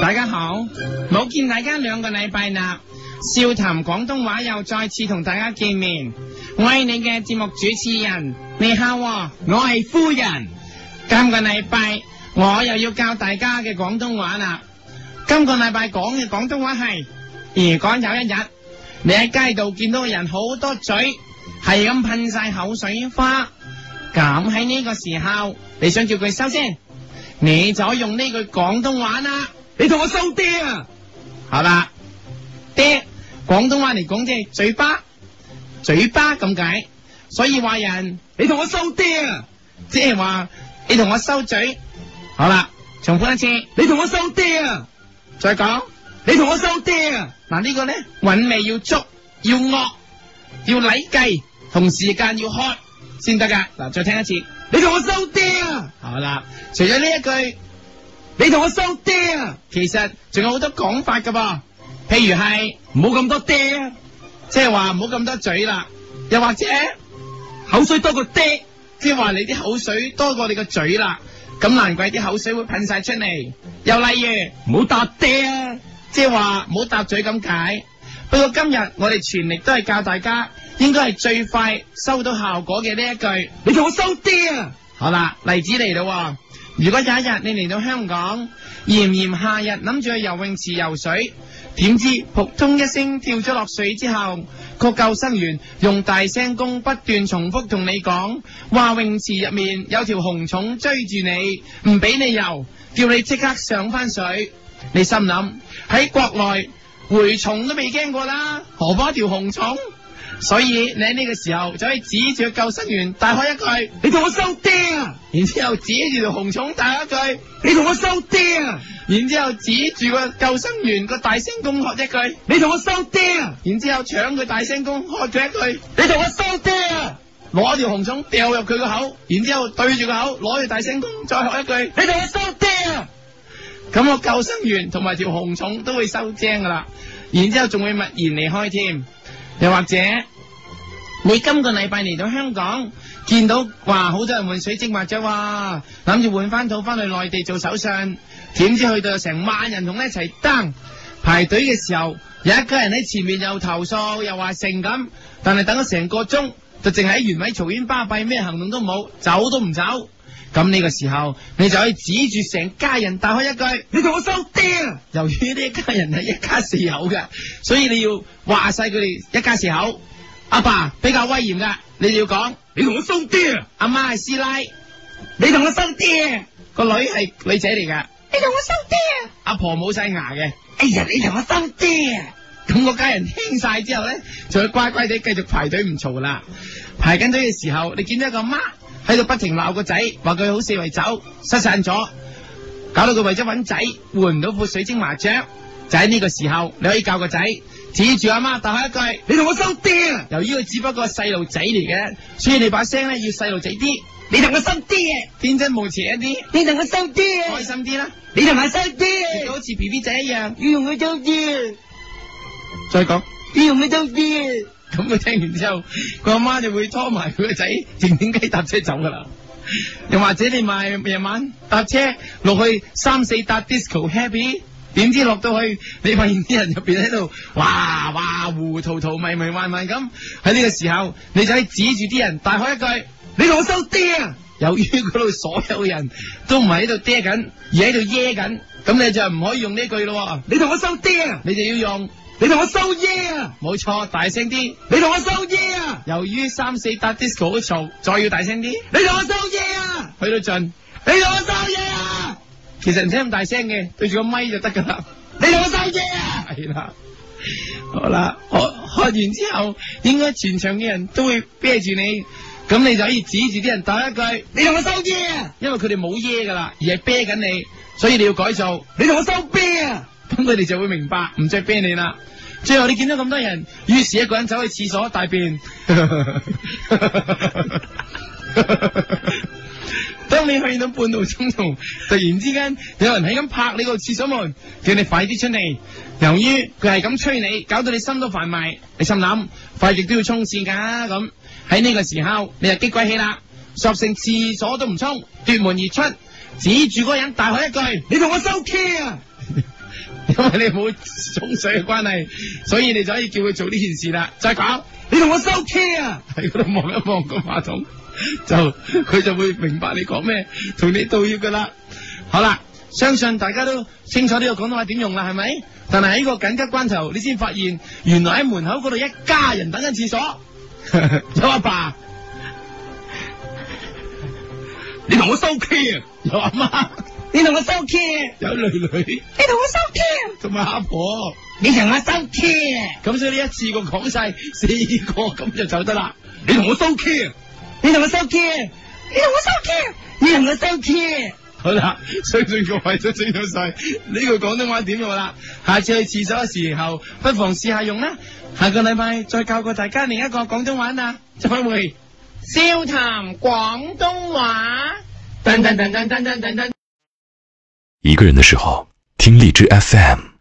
大家好，冇見大家兩個禮拜啦，笑談廣東話又再次同大家見面，我係你嘅節目主持人，你好啊，我係夫人。今個禮拜我又要教大家嘅廣東話啦，今個禮拜講嘅廣東話係，如果有一日，你喺街度見到嘅人好多嘴，係咁噴晒口水花。咁喺呢個時候，你想叫佢收聲，你就可以用呢句廣東話啦。你同我收爹啊！好啦，爹，廣東話嚟講即係嘴巴，嘴巴咁解。所以話人，你同我收爹啊，即係話你同我收嘴。好啦，重複一次，你同我收爹啊！再講，你同我收爹啊！嗱呢個咧，韻味要足，要惡，要禮計，同時間要開。先得噶，嗱，再聽一次，你同我收嗲啊，好啦，除咗呢一句，你同我收嗲啊，其實仲有好多講法噶噃，譬如係唔好咁多嗲，即係話唔好咁多嘴啦，又或者口水多過嗲，即係話你啲口水多過你個嘴啦，咁難怪啲口水會噴晒出嚟。又例如唔好搭嗲啊，即係話唔好搭嘴咁解。不過今日我哋全力都係教大家，應該係最快收到效果嘅呢一句，你同我收啲啊！好啦，例子嚟到喎。如果有一日你嚟到香港，炎炎夏日諗住去游泳池游水，點知撲通一聲跳咗落水之後，個救生員用大聲公不斷重複同你講，話泳池入面有條紅蟲追住你，唔俾你游，叫你即刻上返水。你心諗喺國內。蛔蟲都未驚過啦，何怕一條紅蟲？所以你喺呢個時候就可以指住個救生員大喝一句：你同我收爹啊！然之後指住條紅蟲大一句：你同我收爹啊！然之後指住個救生員個大聲公喝一句：你同我收爹啊！然之後搶佢大聲公喝佢一句：你同我收爹啊！攞條紅蟲掉入佢個口，然之後對住個口攞住大聲公再學一句：你同我收爹啊！咁我救生員同埋條紅蟲都會收聲噶啦，然之後仲會默然離開添。又或者你今個禮拜嚟到香港，見到話好多人換水晶或者話諗住換翻土翻去內地做手信，點知去到成萬人同你一齊登排隊嘅時候，有一個人喺前面又投訴又話成咁，但係等咗成個鐘，就淨係喺原位嘈喧巴閉，咩行動都冇，走都唔走。咁呢個時候，你就可以指住成家人，大開一句：你同我收爹！由於呢一家人係一家四口嘅，所以你要話晒佢哋一家四口。阿爸，爸比較威嚴嘅，你要講你同我收爹。阿媽係師奶，你同我收爹。個女係女仔嚟嘅，你同我收爹。阿婆冇晒牙嘅，哎呀，你同我收爹。咁個家人聽晒之後咧，就會乖乖哋繼續排隊唔嘈啦。排緊隊嘅時候，你見到一個媽。喺度不停鬧個仔，話佢好四圍走，失散咗，搞到佢為咗搵仔換唔到副水晶麻將。就喺呢個時候，你可以教個仔指住阿媽，大喊一句：你同我收啲啊？由於佢只不過係細路仔嚟嘅，所以你把聲咧要細路仔啲。你同我收啲啊？天真無邪一啲。你同我收啲啊？開心啲啦。你同我收啲啊？」好似 B B 仔一樣，要用佢做住。再講。要用呢收爹？咁佢聽完之後，佢阿媽就會拖埋佢個仔，靜靜雞搭車走噶啦。又或者你咪夜晚搭車落去三四搭 Disco Happy，點知落到去你發現啲人入邊喺度，哇哇胡糊塗塗迷迷漫漫咁。喺呢個時候，你就可以指住啲人大喊一句：你同我收爹啊！由於嗰度所有人都唔係喺度嗲緊，而喺度耶緊，咁你就唔可以用呢句咯。你同我收爹啊！你就要用。你同我收嘢啊！冇錯，大聲啲！你同我收嘢啊！由於三四搭 disco 都嘈，再要大聲啲！你同我收嘢啊！去到盡！你同我收嘢啊！其實唔使咁大聲嘅，對住個咪就得噶啦！你同我收嘢啊！係啦，好啦，我開完之後，應該全場嘅人都會啤住你，咁你就可以指住啲人打一句：你同我收嘢啊！因為佢哋冇嘢噶啦，而係啤緊你，所以你要改造，你同我收啤啊！佢哋就會明白唔再畀你啦。最後你見到咁多人，於是一個人走去廁所大便。 當你去到半路中途，突然之間有人喺咁拍你個廁所門，叫你快啲出嚟。由於佢係咁催你，搞到你心都煩埋。你心諗快亦都要衝線噶。咁喺呢個時候，你就激鬼氣啦，索性廁所都唔沖，奪門而出，指住嗰個人大嗌一句：你同我收氣啊！因為你冇沖水嘅關係，所以你就可以叫佢做呢件事啦。再講，你同我收 key 啊！喺嗰度望一望個馬桶，就佢就會明白你講咩，同你道歉噶啦。好啦，相信大家都清楚呢個廣東話點用啦，係咪？但係喺個緊急關頭，你先發現原來喺門口嗰度一家人等緊廁所， 有阿爸，爸，你同我收 key 啊！有阿媽，你同我收 key 啊。有女女，你同我收 key。同阿婆，你同我收 Q，咁所以呢一次過講晒四個咁就走得啦。你同我收 Q，你同我收 Q，你同我收 Q，你同我收 Q。收好啦，相信各位都整到晒呢個廣東話點用啦。下次去廁所嘅時候，不妨試下用啦。下個禮拜再教過大家另一個廣東話啦。再會，笑談廣東話。等，等，等，等，等，等。一個人嘅時候，聽荔枝 FM。